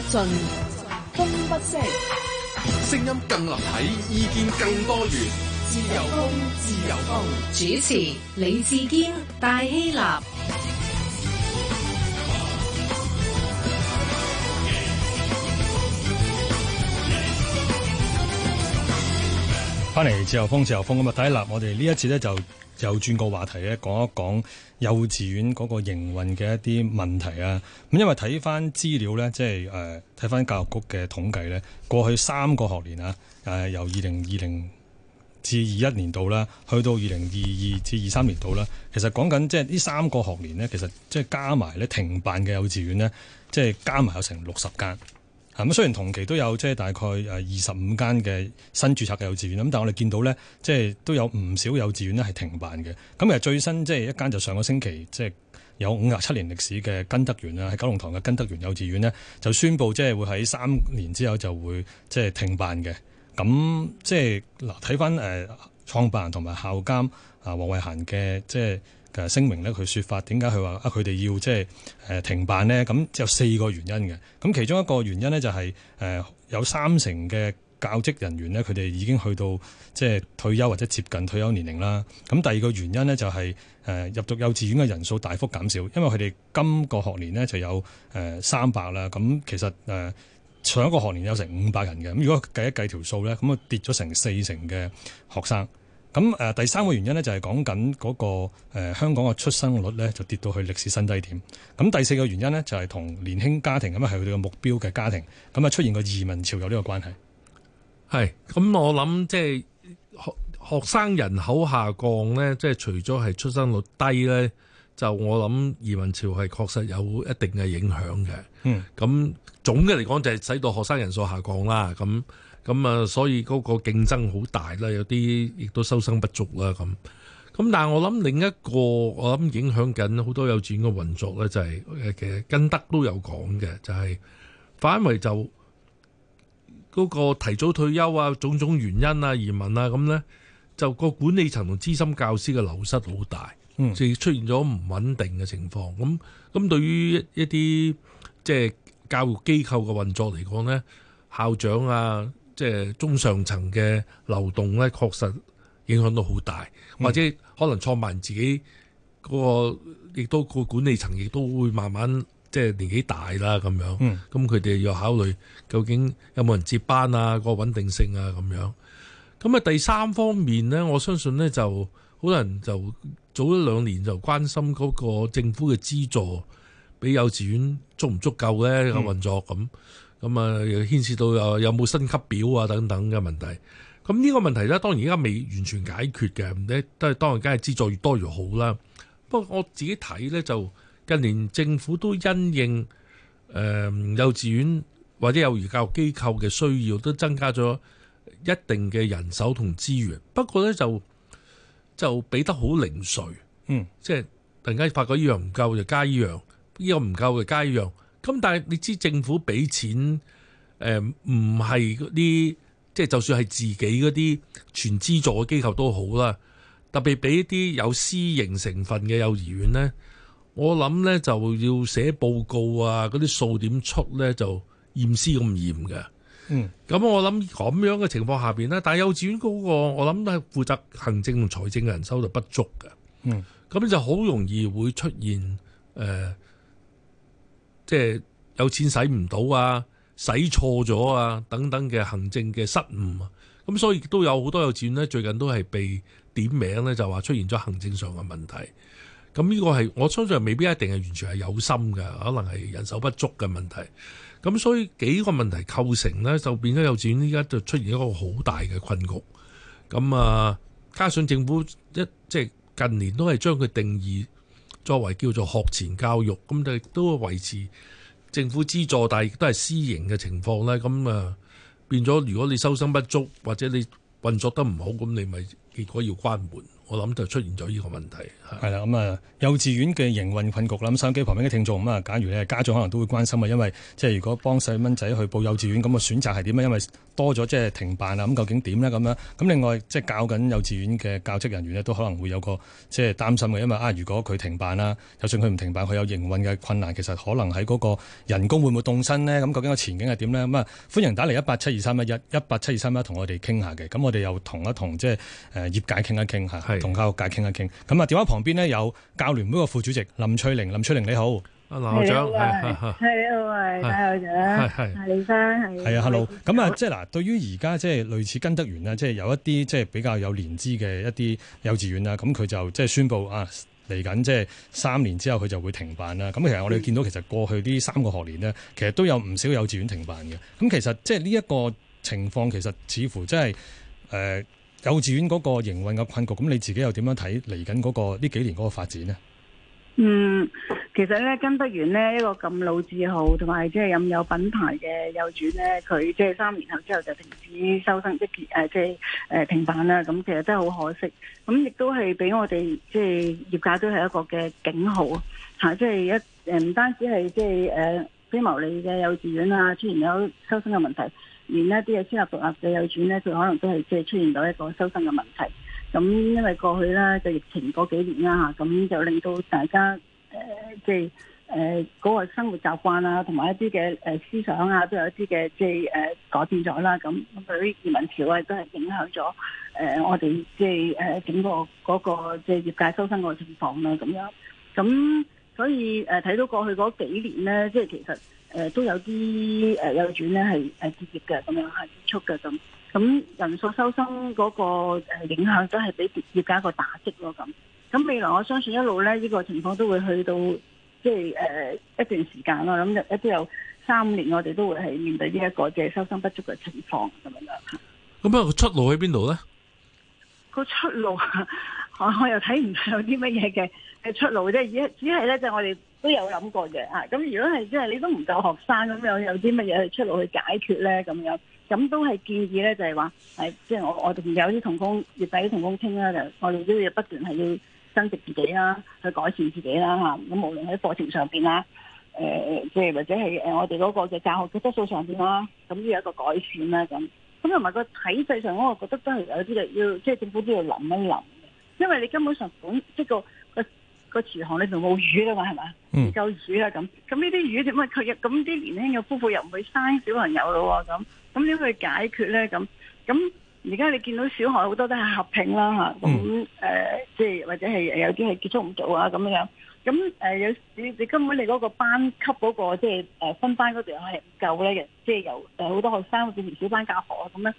不盡，風不息，聲音更立體，意見更多元，自由風，自由風。主持李志堅、戴希立。翻嚟自由風，自由風咁啊！第一粒，我哋呢一次呢，就又轉個話題咧，講一講幼稚園嗰個營運嘅一啲問題啊。咁因為睇翻資料呢，即係誒睇翻教育局嘅統計呢，過去三個學年啊，誒、呃、由二零二零至二一年度啦，去到二零二二至二三年度啦，其實講緊即係呢三個學年呢，其實即係加埋呢停辦嘅幼稚園呢，即係加埋有成六十間。啊！咁雖然同期都有即係大概誒二十五間嘅新註冊嘅幼稚園，咁，但係我哋見到咧，即係都有唔少幼稚園呢係停辦嘅。咁其實最新即係一間就上個星期，即係有五十七年歷史嘅根德園啦，喺九龍塘嘅根德園幼稚園呢，就宣布即係會喺三年之後就會即係停辦嘅。咁即係嗱，睇翻創創辦人同埋校監啊，黃慧賢嘅即係。嘅聲明呢，佢說法點解佢話啊？佢哋要即係停辦呢，咁只有四個原因嘅。咁其中一個原因呢、就是，就係有三成嘅教職人員呢，佢哋已經去到即係退休或者接近退休年齡啦。咁第二個原因呢、就是，就係入讀幼稚園嘅人數大幅減少，因為佢哋今個學年呢就有三百啦。咁其實上一個學年有成五百人嘅。咁如果計一計條數呢，咁啊跌咗成四成嘅學生。咁，誒第三個原因咧，就係講緊嗰個誒香港嘅出生率咧，就跌到去歷史新低點。咁第四個原因咧，就係同年輕家庭，咁啊係佢哋嘅目標嘅家庭，咁啊出現個移民潮有呢個關係。係咁，我諗即係學學生人口下降咧，即係除咗係出生率低咧，就我諗移民潮係確實有一定嘅影響嘅。嗯。咁總嘅嚟講就係使到學生人數下降啦。咁。咁啊，所以嗰個競爭好大啦，有啲亦都收生不足啦，咁咁。但係我諗另一個，我諗影響緊好多幼稚園嘅運作咧，就係其實根德都有講嘅，就係、是、反為就嗰、嗰個提早退休啊，種種原因啊、移民啊咁咧，那就嗰個管理層同資深教師嘅流失好大，嗯，就出現咗唔穩定嘅情況，咁咁對於一啲即係教育機構嘅運作嚟講咧，校長啊～即係中上層嘅流動咧，確實影響到好大，或者可能創辦人自己嗰個，亦都個管理層亦都會慢慢即係年紀大啦咁樣。咁佢哋又考慮究竟有冇人接班啊？嗰個穩定性啊咁樣。咁啊，第三方面咧，我相信咧就好多人就早一兩年就關心嗰個政府嘅資助，俾幼稚園足唔足夠咧呢個運作咁。咁啊，牽涉到有有冇薪級表啊等等嘅問題。咁呢個問題咧，當然而家未完全解決嘅。都係當，當然，梗係資助越多越好啦。不過我自己睇咧，就近年政府都因應誒、呃、幼稚園或者幼兒教育機構嘅需要，都增加咗一定嘅人手同資源。不過咧就就俾得好零碎，嗯，即、就、係、是、突然間發覺呢樣唔夠就加一樣，呢、這個唔夠就加一樣。這個咁但係你知政府俾錢，唔係嗰啲，即係就算係自己嗰啲全資助嘅機構都好啦，特別俾啲有私營成分嘅幼稚園咧，我諗咧就要寫報告啊，嗰啲數點出咧就驗屍咁驗嘅。嗯，咁我諗咁樣嘅情況下面咧，但係幼稚園嗰個我諗都係負責行政同財政嘅人收度不足嘅。嗯，咁就好容易會出現誒。呃即係有錢使唔到啊，使錯咗啊，等等嘅行政嘅失誤啊，咁所以都有好多幼稚園呢，最近都係被點名呢，就話出現咗行政上嘅問題。咁呢個係我相信未必一定係完全係有心嘅，可能係人手不足嘅問題。咁所以幾個問題構成呢，就變咗幼稚園依家就出現一個好大嘅困局。咁啊，加上政府一即近年都係將佢定義。作為叫做學前教育，咁就亦都維持政府資助，但亦都係私營嘅情況呢，咁啊變咗，如果你收生不足，或者你運作得唔好，咁你咪結果要關門，我諗就出現咗呢個問題。係啦，咁啊，幼稚園嘅營運困局啦。咁收音機旁邊嘅聽眾，咁啊，假如咧家長可能都會關心啊，因為即係如果幫細蚊仔去報幼稚園，咁，個選擇係點啊？因為多咗即係停辦啦，咁究竟點呢？咁樣，咁另外即係教緊幼稚園嘅教職人員呢都可能會有個即係擔心嘅，因為啊，如果佢停辦啦，就算佢唔停辦，佢有營運嘅困難，其實可能喺嗰個人工會唔會凍薪呢？咁究竟個前景係點呢？咁啊，歡迎打嚟，一八七二三一一一八七二三一，同我哋傾下嘅。咁我哋又同一同即係誒業界傾一傾吓。同教育界傾一傾，咁啊電話旁邊呢，有教聯會個副主席林翠玲，林翠玲你好，啊林校長，係你好，係校長，係係李生，係係啊，hello，咁啊，即係嗱，對於而家即係類似根德園啊，即係有一啲即係比較有年資嘅一啲幼稚園啊，咁佢就即係宣布啊，嚟緊即係三年之後佢就會停辦啦。咁其實我哋見到其實過去呢三個學年呢，其實都有唔少幼稚園停辦嘅。咁其實即係呢一個情況，其實似乎即係誒。幼稚園嗰個營運嘅困局，咁你自己又點樣睇嚟緊嗰個呢幾年嗰個發展呢？嗯，其實咧，根德園呢一個咁老字號同埋即係咁有品牌嘅幼稚園咧，佢即係三年後之後就停止收生，即係誒、呃，即係誒、呃、停辦啦。咁、嗯、其實真係好可惜，咁、嗯、亦都係俾我哋即係業界都係一個嘅警號吓，即、啊、係、就是、一誒唔、呃、單止係即係誒非牟利嘅幼稚園啊，出現有收生嘅問題。然咧啲嘅私立獨立嘅幼稚園咧，佢可能都係即係出現到一個收生嘅問題。咁因為過去咧就疫情嗰幾年啦嚇，咁就令到大家誒、呃、即係誒嗰個生活習慣啊，同埋一啲嘅誒思想啊，都有一啲嘅即係誒改變咗啦。咁對移民潮啊，都係影響咗誒我哋即係誒整個嗰個即係業界收生個情況啦、啊。咁樣咁所以誒睇、呃、到過去嗰幾年咧，即係其實。誒、呃，都有啲誒幼園咧係誒結業嘅，咁、呃、樣係跌出嘅咁，咁人數收生嗰個誒影響都係畀業界一個打擊咯，咁咁未來我相信一路咧呢、這個情況都會去到即係誒、呃、一段時間咯，咁一都有三年我哋都會係面對呢一個嘅收生不足嘅情況咁樣。咁啊，個出路喺邊度咧？個出路我我又睇唔到有啲乜嘢嘅嘅出路啫，只只係咧就係、我哋。都有諗過嘅嚇，咁如果係即係你都唔夠學生咁樣，有啲乜嘢去出路去解決咧咁樣，咁都係建議咧就係話係即係我我有啲同工月底同工傾啦，就我哋都要不斷係要增值自己啦，去改善自己啦嚇。咁無論喺課程上邊啦，誒即係或者係誒我哋嗰個嘅教學嘅質素上邊啦，咁都有一個改善啦咁。咁同埋個體制上，我覺得都係有啲嘅，要即係政府都要諗一諗，因為你根本上本即、就是、個。個廚房咧就冇魚啦嘛，係咪？唔、嗯、夠魚啦咁，咁呢啲魚點啊？佢咁啲年輕嘅夫婦又唔會生小朋友咯喎咁，咁點去解決咧？咁咁而家你見到小學好多都係合併啦嚇，咁即係或者係有啲係結束唔到啊咁樣，咁誒、呃、有你根本你嗰個班級嗰、那個即係、就是、分班嗰度係唔夠咧，即、就、係、是、有好多學生變成小班教學啊咁樣，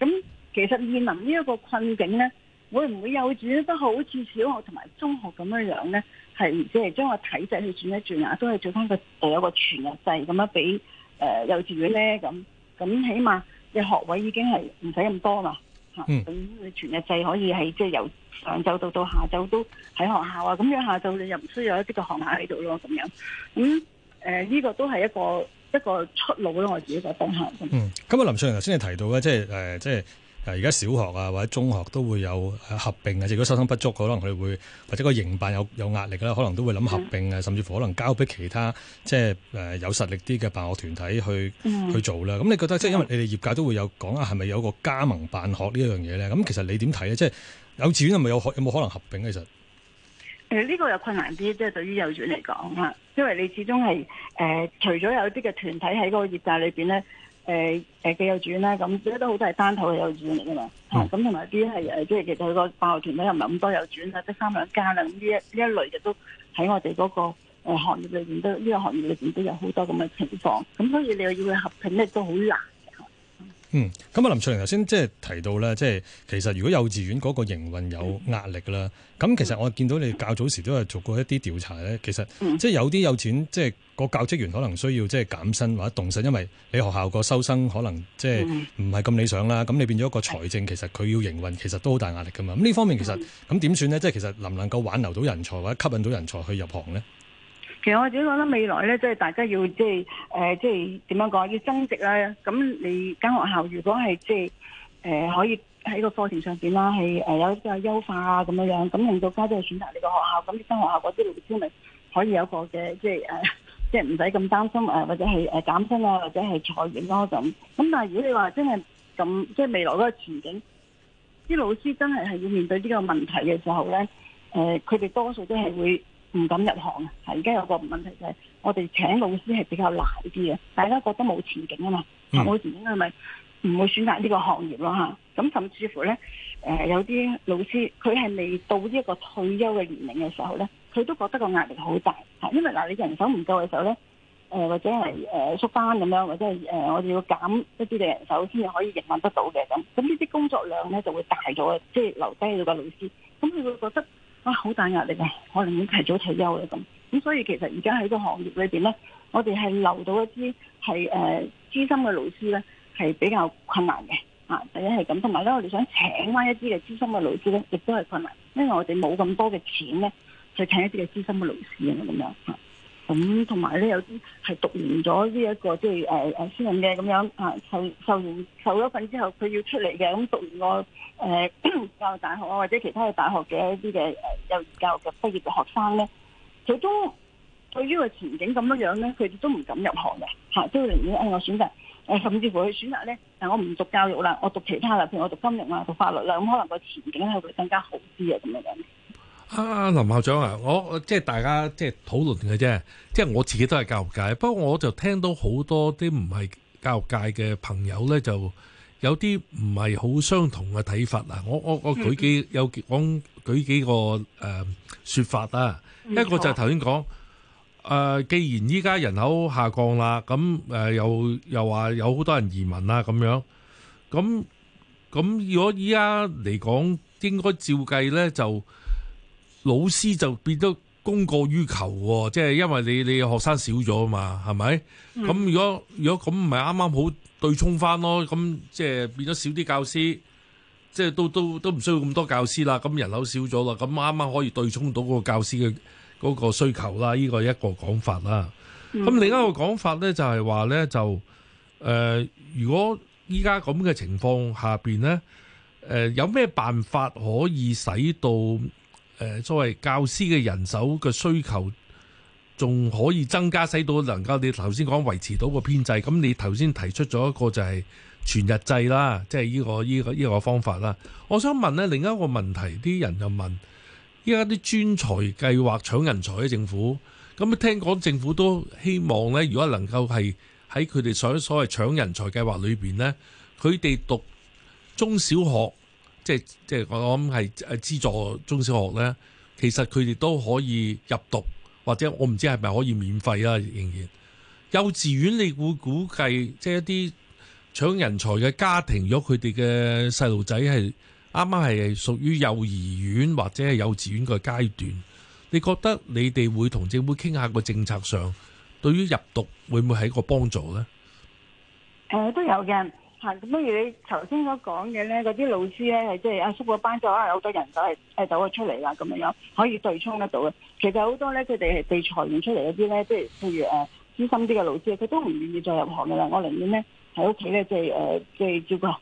咁其實面臨呢一個困境咧。會唔會幼稚園都好似小學同埋中學咁樣樣咧，係即係將個體制去轉一轉啊，都係做翻個誒一個全日制咁樣俾誒幼稚園咧咁，咁起碼你學位已經係唔使咁多啦嚇。咁、嗯、全日制可以係即係由上晝到到下晝都喺學校啊，咁樣下晝你又唔需要有一啲嘅學校喺度咯咁樣。咁誒呢個都係一個一個出路咯，我自己個方向。嗯，今日林翠玲頭先你提到咧，即係誒即係。而家小學啊，或者中學都會有合併啊，即如果收生不足，可能佢哋會或者個營辦有有壓力咧，可能都會諗合併啊、嗯，甚至乎可能交俾其他即係誒有實力啲嘅辦學團體去、嗯、去做啦。咁你覺得即係因為你哋業界都會有講啊，係咪有個加盟辦學這件事呢樣嘢咧？咁其實你點睇咧？即係幼稚園係咪有沒有冇可能合併？其實誒呢個有困難啲，即、就、係、是、對於幼稚園嚟講嚇，因為你始終係誒、呃、除咗有啲嘅團體喺嗰個業界裏邊咧。誒、欸、誒，既幼稚園咧，咁而家都好多係單頭嘅、哦嗯、幼稚園嚟噶嘛，咁同埋啲係誒，即係其實佢個辦學團體又唔係咁多幼稚園，即係三兩間啦，咁呢一呢一類嘅都喺我哋嗰、那個誒、呃、行業裏邊都呢、這個行業裏邊都有好多咁嘅情況，咁所以你又要去合併咧，都好難。嗯，咁啊，林翠玲頭先即係提到啦，即係其實如果幼稚園嗰個營運有壓力啦，咁、嗯、其實我見到你較早時都係做過一啲調查咧，其實即係有啲幼稚園即係個教職員可能需要即係減薪或者凍薪，因為你學校個收生可能即係唔係咁理想啦。咁你變咗一個財政其實佢要營運其實都好大壓力噶嘛。咁呢方面其實咁點算咧？即係其實能唔能夠挽留到人才或者吸引到人才去入行咧？其實我自己覺得未來呢，即係大家要即係誒，即係點樣講？要增值啦。咁你間學校如果係即係誒，可以喺個課程上邊啦，係、呃、誒有即係優化啊咁樣樣，咁令到家長選擇呢個學校，咁呢間學校嗰啲老師咪可以有一個嘅即係誒，即係唔使咁擔心誒、呃，或者係誒減薪啊，或者係裁員咯咁。咁但係如果你話真係咁，即、就、係、是、未來嗰個前景，啲老師真係係要面對呢個問題嘅時候呢，誒、呃，佢哋多數都係會。唔敢入行啊！而家有個問題就係，我哋請老師係比較難啲嘅，大家覺得冇前景啊嘛，冇、嗯、前景係咪唔會選擇呢個行業咯？咁甚至乎呢，誒、呃、有啲老師佢係未到呢一個退休嘅年齡嘅時候呢，佢都覺得個壓力好大，因為嗱、呃、你人手唔夠嘅時候呢，呃、或者係誒、呃、縮班咁樣，或者係、呃、我哋要減一啲嘅人手先可以營運得到嘅咁，咁呢啲工作量呢就會大咗，即、就、係、是、留低咗個老師，咁佢會覺得。啊，好大壓力嘅，可能提早退休咧，咁。咁所以其實而家喺個行業裏邊咧，我哋係留到一啲係誒資深嘅老師咧，係比較困難嘅。啊，第一係咁，同埋咧我哋想請翻一啲嘅資深嘅老師咧，亦都係困難，因為我哋冇咁多嘅錢咧，去請一啲嘅資深嘅老師啊咁樣吓。咁同埋咧，有啲係讀完咗呢一個即係誒誒私人嘅咁樣啊，受完受完受咗份之後，佢要出嚟嘅咁讀完個誒、啊啊、教育大學啊，或者其他嘅大學嘅一啲嘅誒幼兒教育嘅畢業嘅學生咧，佢都對於個前景咁樣樣咧，佢哋都唔敢入行嘅嚇，都寧願誒我選擇誒、啊，甚至乎佢選擇咧，但我唔讀教育啦，我讀其他啦，譬如我讀金融啊，讀法律啦，咁可能個前景係會更加好啲啊咁樣樣。啊！林校長啊，我即係大家即係討論嘅啫。即係我自己都係教育界，不過我就聽到好多啲唔係教育界嘅朋友呢，就有啲唔係好相同嘅睇法啊。我我我舉幾、嗯、有講舉幾個誒、呃、說法啊。一個就係頭先講誒，既然依家人口下降啦，咁、呃、又又話有好多人移民啦，咁樣咁咁。如果依家嚟講，應該照計呢就。老師就變得供過於求喎，即係因為你你學生少咗嘛，係咪咁？如果如果咁唔係啱啱好對沖翻咯，咁即係變咗少啲教師，即係都都都唔需要咁多教師啦。咁人口少咗啦，咁啱啱可以對沖到嗰個教師嘅嗰個需求啦。依個一個講法啦。咁另一個講法咧就係話咧就呃，如果依家咁嘅情況下面咧呃，有咩辦法可以使到誒，作為教師嘅人手嘅需求，仲可以增加，使到能夠你頭先講維持到個編制。咁你頭先提出咗一個就係全日制啦，即係呢個呢個呢個方法啦。我想問呢另一個問題，啲人就問依家啲專才計劃搶人才嘅政府，咁聽講政府都希望呢？如果能夠係喺佢哋所所謂搶人才計劃裏邊呢，佢哋讀中小學。即係我諗係誒資助中小學呢，其實佢哋都可以入讀，或者我唔知係咪可以免費啊。仍然幼稚園，你估，估計即係一啲搶人才嘅家庭，如果佢哋嘅細路仔係啱啱係屬於幼稚園或者係幼稚園嘅階段，你覺得你哋會同政府傾下個政策上，對於入讀會唔會係一個幫助呢？嗯，都有嘅。咁不如你頭先所講嘅咧，嗰啲老師咧係即係阿叔個班就可能好多人走係誒走咗出嚟啦，咁樣樣可以對沖得到嘅。其實好多咧，佢哋係被裁員出嚟嗰啲咧，即係譬如誒資深啲嘅老師，佢都唔願意再入行㗎啦。我寧願咧喺屋企咧，即係誒即係照顧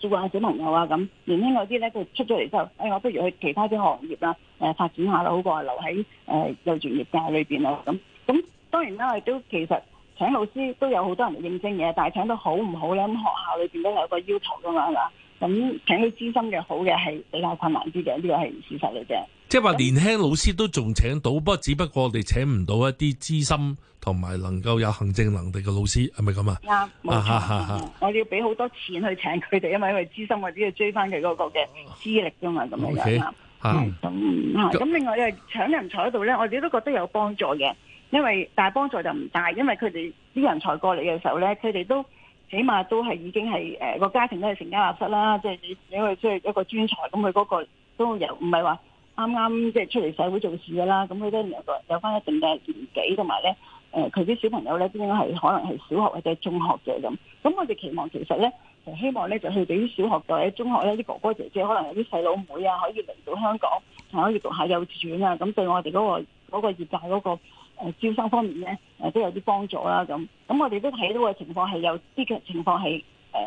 照顧下小朋友啊。咁年輕嗰啲咧，佢出咗嚟之後，誒、哎、我不如去其他啲行業啦，誒發展下啦，好過留喺誒幼兒業界裏邊啊。咁咁當然啦，都其實。請老師都有好多人嚟應徵嘅，但係請到好唔好咧？咁學校裏邊都有個要求㗎嘛，係嘛，咁請起資深嘅好嘅係比較困難啲嘅，呢個係事實嚟嘅啫。即係話年輕老師都仲請到，不過只不過我哋請唔到一啲資深同埋能夠有行政能力嘅老師係咪咁啊？啱，冇錯。我哋要俾好多錢去請佢哋，因為因為資深我都要追翻佢嗰個嘅資歷㗎嘛，咁、okay, 樣咁、嗯、另外又請、嗯、人坐喺度咧，我哋都覺得有幫助嘅。因為大幫助就唔大，因為佢哋啲人才過嚟嘅時候呢，佢哋都起碼都係已經係誒個家庭都係成家立室啦，即係你你去出去一個專才，咁佢嗰個都有唔係話啱啱即係出嚟社會做事嘅啦，咁佢都有個個有翻一定嘅年紀，同埋呢，誒佢啲小朋友呢都應該係可能係小學或者中學嘅咁，咁我哋期望其實呢，就希望呢就去俾啲小學或者、就是、中學呢啲哥哥姐姐，可能有啲細佬妹啊，可以嚟到香港，係可以讀下幼稚園啊，咁對我哋嗰、嗰個嗰、嗰個業界嗰、嗰個。誒招生方面咧，誒都有啲幫助啦，咁咁我哋都睇到嘅情況係有啲嘅情況係誒、呃、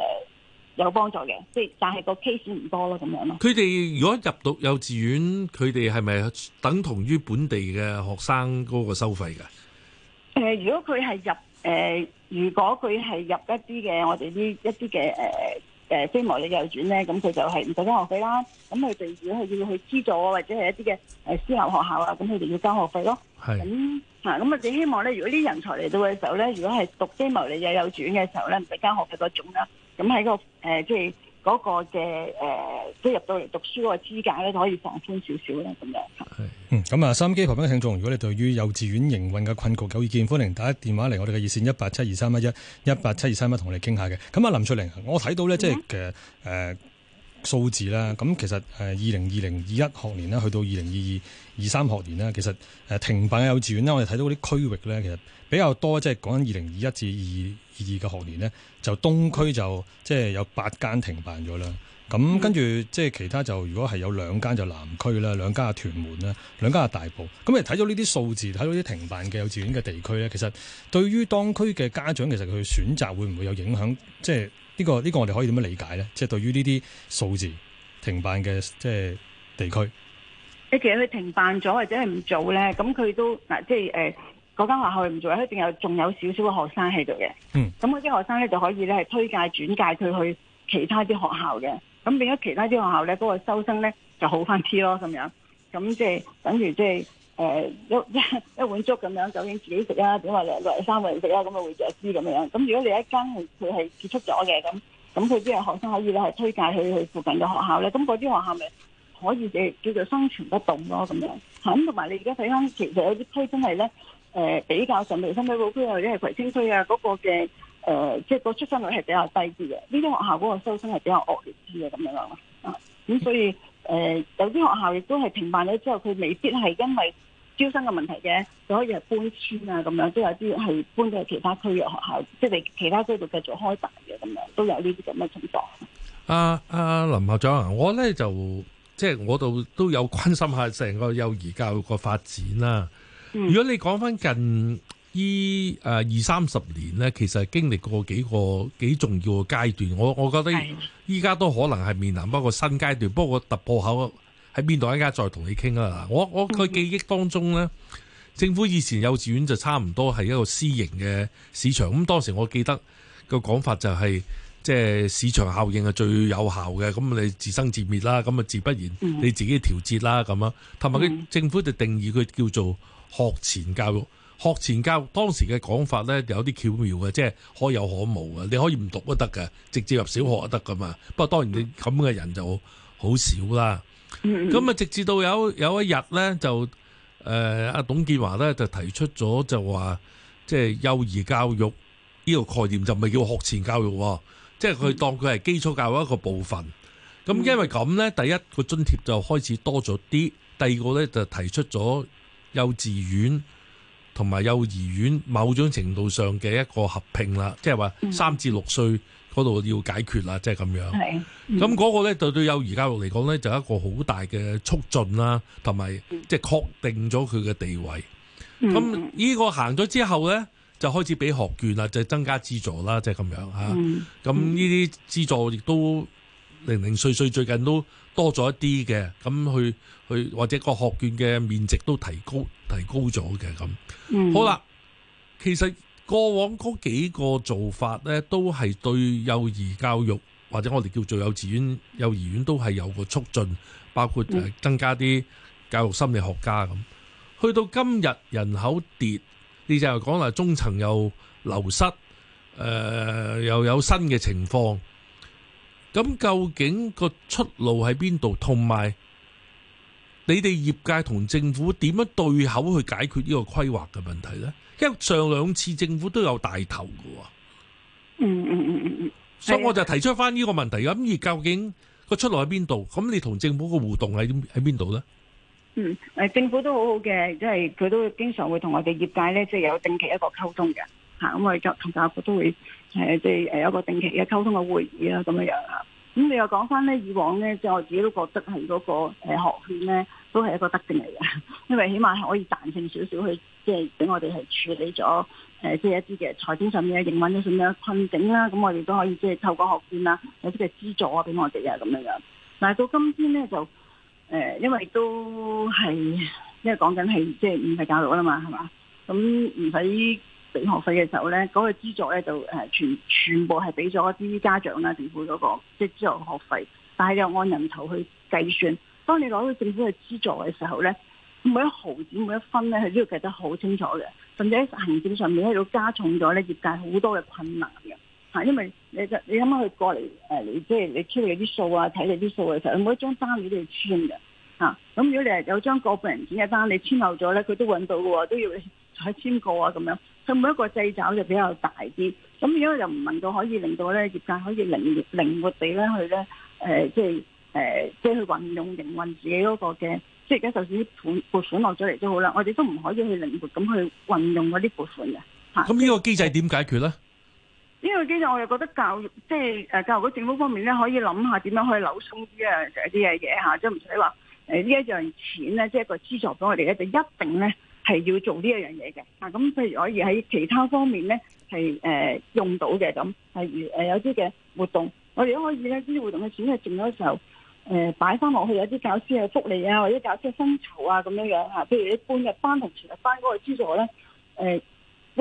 有幫助嘅，即係但係個 case 唔多啦，咁樣咯。佢哋如果入讀幼稚園，佢哋係咪等同於本地嘅學生嗰個收費㗎？誒、呃，如果佢係入誒、呃，如果佢係入一啲嘅我哋啲一啲嘅誒。呃誒非牟利幼稚園咧，咁佢就係唔使交學費啦。咁佢哋如果係要去資助啊，或者係一啲嘅誒私立學校啊，咁佢哋要交學費咯。係咁嗱，咁我哋希望咧，如果啲人才嚟到嘅時候咧，如果係讀非牟利幼稚園嘅時候咧，唔使交學費嗰種啦。咁喺個誒即係。呃就是嗰、那個嘅誒、呃，即係入到嚟讀書嗰個資格咧，可以放寬少少咧，咁樣。係，嗯，咁、嗯、啊，收音機旁邊嘅聽眾，如果你對於幼稚園營運嘅困局有意見，歡迎打電話嚟我哋嘅熱線 187231, 187231,、嗯、一八七二三一一，一八七二三一，同我哋傾下嘅。咁啊，林翠玲，我睇到咧，即係誒誒。嗯呃數字啦，咁其實誒二零二零二一學年呢去到二零二二二三學年呢，其實誒停辦幼稚園呢，我哋睇到嗰啲區域呢，其實比較多，即係講緊二零二一至二二嘅學年呢，就東區就即係有八間停辦咗啦。咁跟住即係其他就如果係有兩間就南區啦，兩間係屯門啦，兩間係大埔。咁你睇到呢啲數字，睇到啲停辦嘅幼稚園嘅地區呢，其實對於當區嘅家長，其實佢選擇會唔會有影響？即係呢個呢個我哋可以點樣理解咧？即係對於呢啲數字停辦嘅即係地區，你其實佢停辦咗或者係唔做咧，咁佢都嗱即係誒嗰間學校唔做，一定有仲有少少嘅學生喺度嘅。嗯，咁嗰啲學生咧就可以咧係推介轉介佢去其他啲學校嘅。咁變咗其他啲學校咧，嗰個收生咧就好翻啲咯，咁樣咁即係等於即係。一、uh, 一碗粥咁樣究竟自己食啊？定係兩個人、三個人食啊？咁咪會自書咁樣。咁如果你一間係佢係結束咗嘅咁，咁佢啲學生可以咧係推介去去附近嘅學校咧。咁嗰啲學校咪可以嘅叫做生存得動咯咁樣。咁同埋你而家睇翻，其實有啲區真係咧誒比較上譬如深水埗區或者係葵青區啊嗰、那個嘅誒，即、呃、係、就是、個出生率係比較低啲嘅。呢啲學校嗰個收生係比較惡劣啲嘅咁樣咯。咁、啊，所以誒、呃、有啲學校亦都係停辦咗之後，佢未必係因為招生嘅問題嘅，所以係搬遷啊，咁樣都有啲係搬到去其他區域學校，即係其他區度繼續開辦嘅，咁樣都有呢啲咁嘅情況。阿、啊、阿、啊、林校長啊，我咧就即係我度都，都有關心下成個幼兒教育個發展啦、嗯。如果你講翻近依誒二三十年咧，其實經歷過幾個幾重要嘅階段，我我覺得依家都可能係面臨一個新階段，不過突破口。喺邊度？一陣再同你傾啊，我我佢記憶當中呢，政府以前幼稚園就差唔多係一個私營嘅市場。咁當時我記得個講法就係，即係市場效應係最有效嘅。咁你自生自滅啦。咁啊，自不然你自己調節啦。咁啊，同埋佢政府就定義佢叫做學前教育。學前教育當時嘅講法呢，有啲巧妙嘅，即係可有可無嘅。你可以唔讀都得㗎，直接入小學都得噶嘛。不過當然你咁嘅人就好少啦。咁、嗯、啊，直至到有有一日呢，就誒、阿、呃、董建華呢，就提出咗，就話即係幼兒教育呢，這個概念就唔係叫學前教育，啊，即係佢當佢係基礎教育一個部分。咁、嗯、因為咁呢，第一個津貼就開始多咗啲，第二個呢，就提出咗幼稚園同埋幼兒園某種程度上嘅一個合併啦，即係話三至六歲。嗰度要解決啦，即係咁樣。咁嗰、嗯嗰個呢，對對幼兒教育嚟講呢，就一個好大嘅促進啦，同埋即係確定咗佢嘅地位。咁、嗯、呢個行咗之後呢，就開始俾學券啦，就係、增加資助啦，即係咁樣嚇。咁呢啲資助亦都零零碎碎，最近都多咗一啲嘅。咁去去或者個學券嘅面值都提高提高咗嘅咁。好啦，其實。過往嗰幾個做法咧，都係對幼兒教育或者我哋叫做幼稚園、幼兒園都係有個促進，包括增加啲教育心理學家咁。去到今日人口跌，你就係講啦，中層又流失，誒又有新嘅情況。咁究竟個出路喺邊度？同埋你哋業界同政府點樣對口去解決呢個規劃嘅問題呢？一上兩次政府都有大頭嘅喎，嗯嗯嗯嗯嗯，所以我就提出翻呢個問題，咁而究竟個出路喺邊度？咁你同政府個互動喺喺邊度咧？嗯，誒政府都好好嘅，即係佢都經常會同我哋業界咧，即係有定期一個溝通嘅嚇，因為教同教局都會誒即係誒有個定期嘅溝通嘅會議啦，咁樣樣嚇。咁你又講翻咧以往咧，即係我自己都覺得係嗰個誒學券咧都係一個德政嚟嘅，因為起碼係可以彈性少少去。即係俾我哋係處理咗，誒即係一啲嘅財政上面嘅營運到啲咩困境啦，咁我哋都可以即係透過學券啦，有啲嘅資助啊，俾我哋啊咁樣樣。但係到今天咧就誒，因為都係因為講緊係即係唔係教育啦嘛，係嘛？咁唔使俾學費嘅時候咧，嗰、那個資助咧就誒全全部係俾咗啲家長啦，政府嗰、那個即係支付學費，但係又按人頭去計算。當你攞到政府嘅資助嘅時候咧。每一毫子每一分咧，佢都要計得好清楚嘅，甚至喺行政上面咧，要加重咗咧業界好多嘅困難嘅嚇，因為你嘅你啱啱佢過嚟誒，你即係你、就是、你出嚟啲數啊，睇你啲數嘅時候，每一張單你都要簽嘅嚇。咁、啊、如果你係有張過半人錢嘅單，你簽漏咗咧，佢都揾到嘅喎，都要你再簽過啊咁樣。佢每一個掣肘就比較大啲，咁如果又唔問到可以令到咧業界可以靈靈活地咧去咧誒、呃，即係誒、呃，即係去運用營運自己嗰個嘅。即係而家就算撥撥款落咗嚟都好啦，我哋都唔可以去靈活咁去運用嗰啲撥款嘅。咁呢個機制點解決咧？呢、呢個機制我又覺得教育即係誒教育局政府方面咧，可以諗下點樣可以扭鬆呢一樣一啲嘅嘢嚇，即係唔使話誒呢一樣錢咧，即係一個資助畀我哋咧，就一定咧係要做呢一樣嘢嘅。嗱、啊、咁譬如可以喺其他方面咧係誒用到嘅咁例如誒有啲嘅活動，我哋都可以咧呢啲活動嘅錢係剩咗時候。誒、呃，擺翻落去有啲教師嘅福利啊，或者教師嘅薪酬啊，咁樣樣吓。譬如你半日班同全日班嗰個資助咧，誒、呃，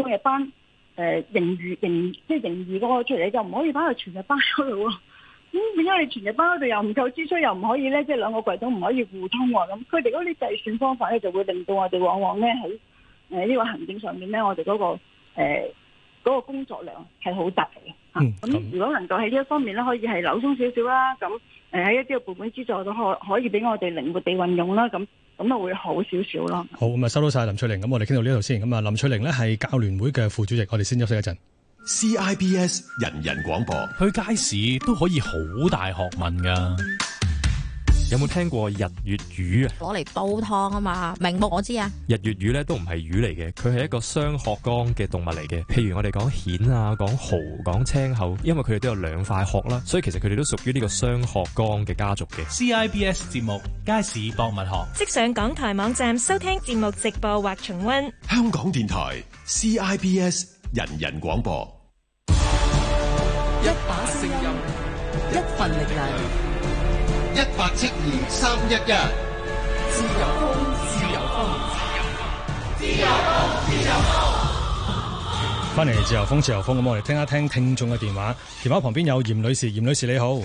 半日班誒、呃、盈餘盈即係盈餘嗰、那個出嚟，就唔可以返去全日班度、啊。咁點解你全日班嗰度又唔夠支出，又唔可以咧？即係兩個櫃筒唔可以互通咁、啊。佢哋嗰啲計算方法咧，就會令到我哋往往咧喺誒呢個行政上面咧，我哋嗰、那個誒嗰、呃那個工作量係好大嘅。咁、嗯、如果能夠喺呢一方面咧，可以係扭鬆少少啦，咁誒喺一啲嘅部門資助都可可以俾我哋靈活地運用啦，咁咁啊會好少少咯。好，咁啊收到晒林翠玲，咁我哋傾到呢度先。咁啊，林翠玲咧係教聯會嘅副主席，我哋先休息一陣。CIBS 人人廣播，去街市都可以好大學問噶。有冇聽過日月魚啊？攞嚟煲湯啊嘛，明目我知啊。日月魚咧都唔係魚嚟嘅，佢係一個雙殼綱嘅動物嚟嘅。譬如我哋講蜆啊，講蠔，講青口，因為佢哋都有兩塊殼啦，所以其實佢哋都屬於呢個雙殼綱嘅家族嘅。C I B S 節目《街市博物學》，即上港台網站收聽節目直播或重溫。香港電台 C I B S 人人廣播，一把聲音，一份力量。一八七二三一一，自由風，自由風，自由風，自由風，自由風。翻嚟自由風，自由風咁，我哋聽一聽聽眾嘅電話。電話旁邊有嚴女士，嚴女士你好。喂，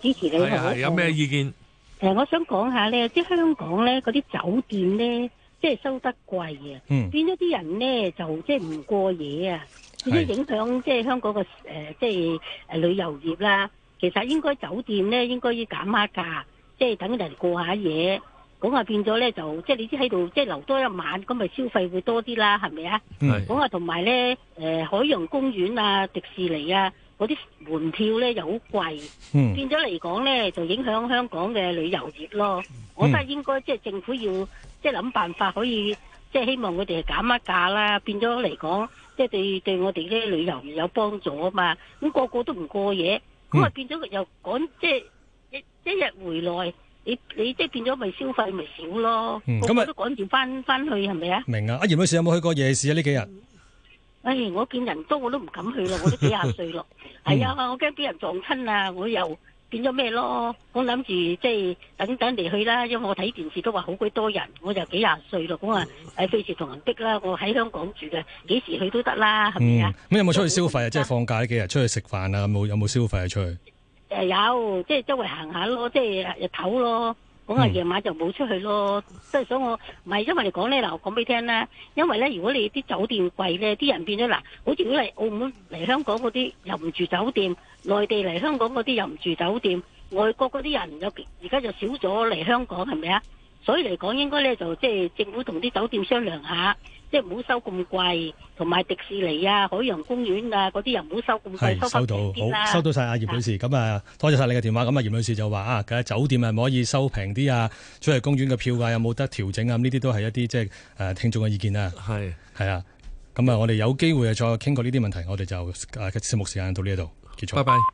主持你好。有咩意見？誒，我想講下咧，即係香港咧嗰啲酒店咧，即係收得貴啊，嗯，變咗啲人咧就即係唔過夜啊，變咗影響即係香港嘅誒，即係誒旅遊業啦。其實應該酒店咧，應該要減下價，即係等人過一下夜。咁啊變咗咧就，即係你知喺度即係留多一晚，咁咪消費會多啲啦，係咪啊？咁啊同埋咧，誒海洋公園啊、迪士尼啊嗰啲門票咧又好貴，變咗嚟講咧就影響香港嘅旅遊業咯、嗯。我覺得應該即係政府要即係諗辦法可以，即係希望佢哋減下價啦。變咗嚟講，即係對對我哋啲旅遊有幫助啊嘛。咁個個都唔過夜。咁啊、嗯、變咗佢又趕，即係一一日回來，你你即係變咗咪消費咪少咯，咁多、嗯、都趕住翻翻去係咪、嗯、啊？明啊，阿葉女士有冇去過夜市啊？呢幾日、嗯？唉，我見人多我都唔敢去啦，我都， 我都幾廿歲咯，係啊、嗯哎，我驚俾人撞親啊，我又。變咗咩咯？我諗住即係等等嚟去啦，因為我睇電視都話好鬼多人，我就幾廿歲咯。咁啊，喺費事同人逼啦。我喺香港住嘅，幾時去都得啦，係咪啊？咁有冇出去消費啊？即係放假呢幾日出去食飯啊？冇，有冇消費啊？出去？誒，有，即係周圍行下咯，即係日頭咯。咁啊，夜晚就冇出去咯。即係所以我唔係，因為你講咧，嗱，我講俾你聽啦。因為咧，如果你啲酒店貴咧，啲人變咗嗱，好似如果嚟澳門嚟香港嗰啲又唔住酒店。內地嚟香港嗰啲又唔住酒店，外國嗰啲人又而家就少咗嚟香港，係咪啊？所以嚟講，應該咧就即係政府同啲酒店商量下，即係唔好收咁貴，同埋迪士尼啊、海洋公園啊嗰啲又唔好收咁貴，收翻平啲啦。收到，好，收到晒阿葉女士。咁啊，多謝晒你嘅電話。咁啊，葉女士就話啊，梗係酒店係唔可以收平啲啊，主題公園嘅票價，有冇得調整啊？呢啲都係一啲即係誒聽眾嘅意見啊。係係啊，咁啊，我哋有機會啊再傾過呢啲問題。我哋就誒節目時間到呢度。拜拜。